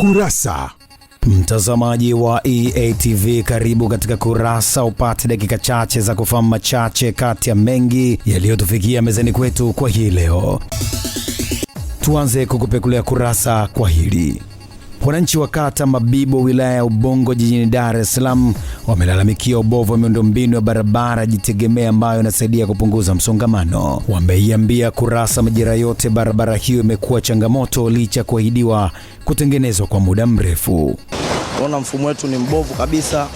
Kurasa. Mtazamaji wa EATV karibu katika Kurasa, upate dakika chache za kufahamu machache kati ya mengi yaliyotufikia mezani kwetu kwa hii leo. Tuanze kukupekulea kurasa kwa hili. Wananchi wa kata Mabibo wilaya ya Ubongo jijini Dar es Salaam wamelalamikia ubovu wa miundombinu ya barabara jitegemea ambayo inasaidia kupunguza msongamano. Wameiambia Kurasa majira yote barabara hiyo imekuwa changamoto licha kuahidiwa kutengenezwa kwa muda mrefu. Naona mfumo wetu ni mbovu kabisa,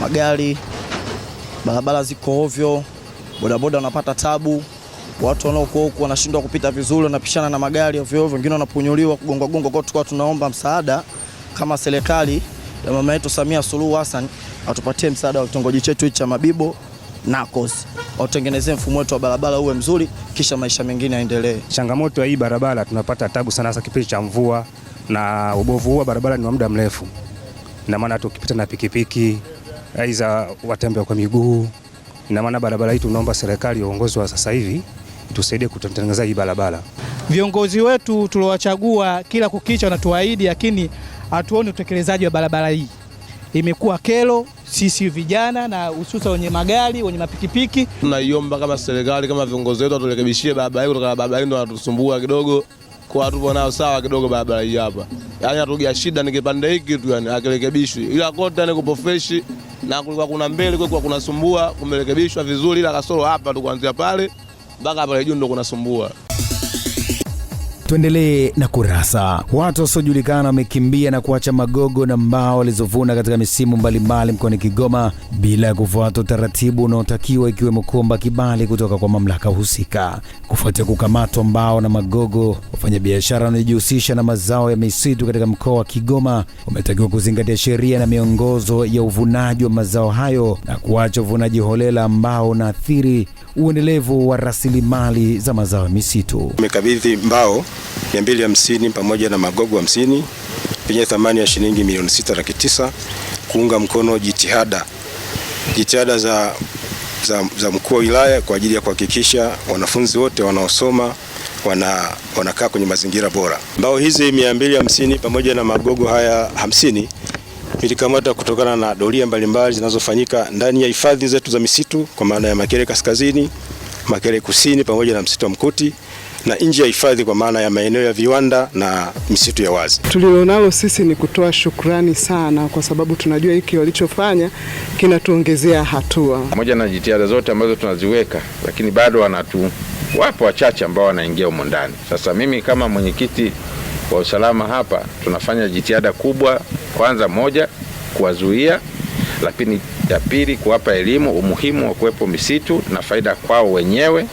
magari barabara ziko ovyo, bodaboda wanapata tabu, watu wanaokuwa huku wanashindwa kupita vizuri, wanapishana na magari ovyo ovyo, wengine wanapunyuliwa, kugongwa gongwa kwao. Tukawa tunaomba msaada kama serikali ya mama yetu Samia Suluhu Hassan atupatie msaada wa kitongoji chetu cha Mabibo Nakos, wautengenezee mfumo wetu wa barabara uwe mzuri, kisha maisha mengine yaendelee. Changamoto ya hii barabara tunapata tabu sana, hasa kipindi cha mvua, na ubovu huu wa barabara ni wa muda mrefu, na maana tukipita na pikipiki aidha watembea kwa miguu, na maana barabara hii tunaomba serikali ya uongozi wa sasa hivi tusaidie kutengeneza hii barabara. Viongozi wetu tuliowachagua kila kukicha wanatuahidi, lakini hatuoni utekelezaji wa barabara hii. Imekuwa kero sisi vijana na hususa wenye magari wenye mapikipiki. Tunaiomba kama serikali kama viongozi wetu waturekebishie barabara hii, kutoka barabara hii ndo anatusumbua kidogo, kwa tupo nao sawa kidogo barabara hii hapa, yaani atugia shida ni kipande hiki tu, yani akirekebishwe, ila kote ni kupo freshi na kulikuwa kuna mbele kulikuwa sumbua, kumerekebishwa vizuri, ila kasoro hapa tu kuanzia pale mpaka pale juu ndo sumbua. Tuendelee na Kurasa. Watu wasiojulikana wamekimbia na kuacha magogo na mbao walizovuna katika misimu mbalimbali mkoani Kigoma bila ya kufuata utaratibu unaotakiwa ikiwemo kuomba kibali kutoka kwa mamlaka husika. Kufuatia kukamatwa mbao na magogo, wafanyabiashara wanaojihusisha na mazao ya misitu katika mkoa wa Kigoma wametakiwa kuzingatia sheria na miongozo ya uvunaji wa mazao hayo na kuacha uvunaji holela ambao unaathiri uendelevu wa rasilimali za mazao ya misitu. Mekabidhi mbao 250 pamoja na magogo 50 yenye thamani ya shilingi milioni sita laki tisa kuunga mkono jitihada jitihada za, za, za mkuu wa wilaya kwa ajili ya kuhakikisha wanafunzi wote wanaosoma wana, wanakaa kwenye mazingira bora. Mbao hizi 250 pamoja na magogo haya 50 nilikamata kutokana na doria mbalimbali zinazofanyika ndani ya hifadhi zetu za misitu kwa maana ya makere Kaskazini, makere Kusini pamoja na msitu wa Mkuti na nje ya hifadhi kwa maana ya maeneo ya viwanda na misitu ya wazi. Tulilonalo sisi ni kutoa shukrani sana, kwa sababu tunajua hiki walichofanya kinatuongezea hatua. Pamoja na jitihada zote ambazo tunaziweka, lakini bado wanatu wapo wachache ambao wanaingia humo ndani. Sasa mimi kama mwenyekiti wa usalama hapa, tunafanya jitihada kubwa, kwanza moja kuwazuia lakini ya pili kuwapa elimu umuhimu wa kuwepo misitu na faida kwao wenyewe.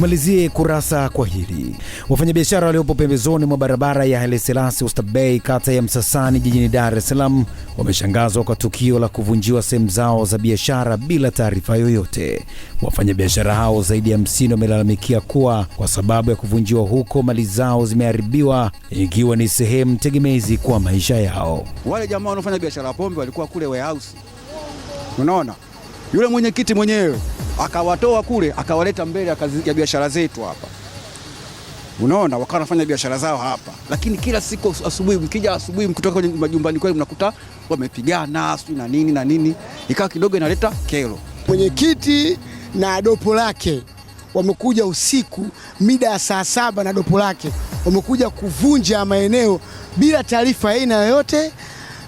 Tumalizie kurasa kwa hili. Wafanyabiashara waliopo pembezoni mwa barabara ya Haile Selassie Oysterbay kata ya Msasani jijini Dar es Salaam wameshangazwa kwa tukio la kuvunjiwa sehemu zao za biashara bila taarifa yoyote. Wafanyabiashara hao zaidi ya hamsini wamelalamikia kuwa kwa sababu ya kuvunjiwa huko mali zao zimeharibiwa, ikiwa ni sehemu tegemezi kwa maisha yao. Wale jamaa wanaofanya biashara pombe walikuwa kule warehouse, unaona yule mwenyekiti mwenyewe akawatoa kule akawaleta mbele ya biashara zetu hapa. Unaona, wakawa wanafanya biashara zao hapa, lakini kila siku asubuhi, mkija asubuhi, mkitoka kwenye majumbani kwenu mnakuta wamepigana sijui na nini na nini, ikawa kidogo inaleta kero. Mwenyekiti na dopo lake wamekuja usiku mida ya saa saba na dopo lake wamekuja kuvunja maeneo bila taarifa aina yoyote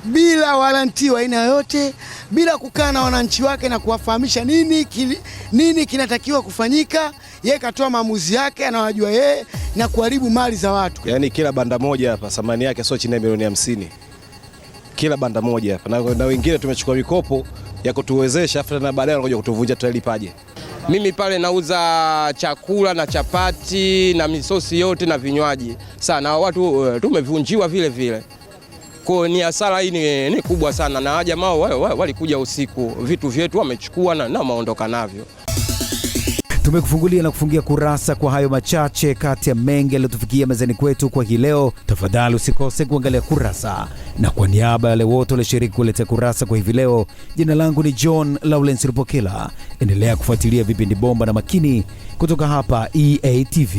bila waranti wa aina yoyote, bila kukaa na wananchi wake na kuwafahamisha nini, kili, nini kinatakiwa kufanyika. Yeye katoa maamuzi yake, anawajua yeye na kuharibu mali za watu. Yaani kila banda moja hapa thamani yake sio chini ya milioni hamsini, kila banda moja hapa na, na wengine tumechukua mikopo ya kutuwezesha afa, na baadaye wanakuja kutuvunja tutalipaje? Mimi pale nauza chakula na chapati na misosi yote na vinywaji sana, watu eh, tumevunjiwa vile vile. Kwa ni hasara hii ni, ni kubwa sana, na jamaa walikuja usiku, vitu vyetu wamechukua na, maondoka navyo. Tumekufungulia na kufungia kurasa kwa hayo machache kati ya mengi yaliyotufikia mezani kwetu kwa hii leo. Tafadhali usikose kuangalia kurasa, na kwa niaba ya wale wote walioshiriki kuletea kurasa kwa hivi leo, jina langu ni John Lawrence Rupokela. Endelea kufuatilia vipindi bomba na makini kutoka hapa EATV.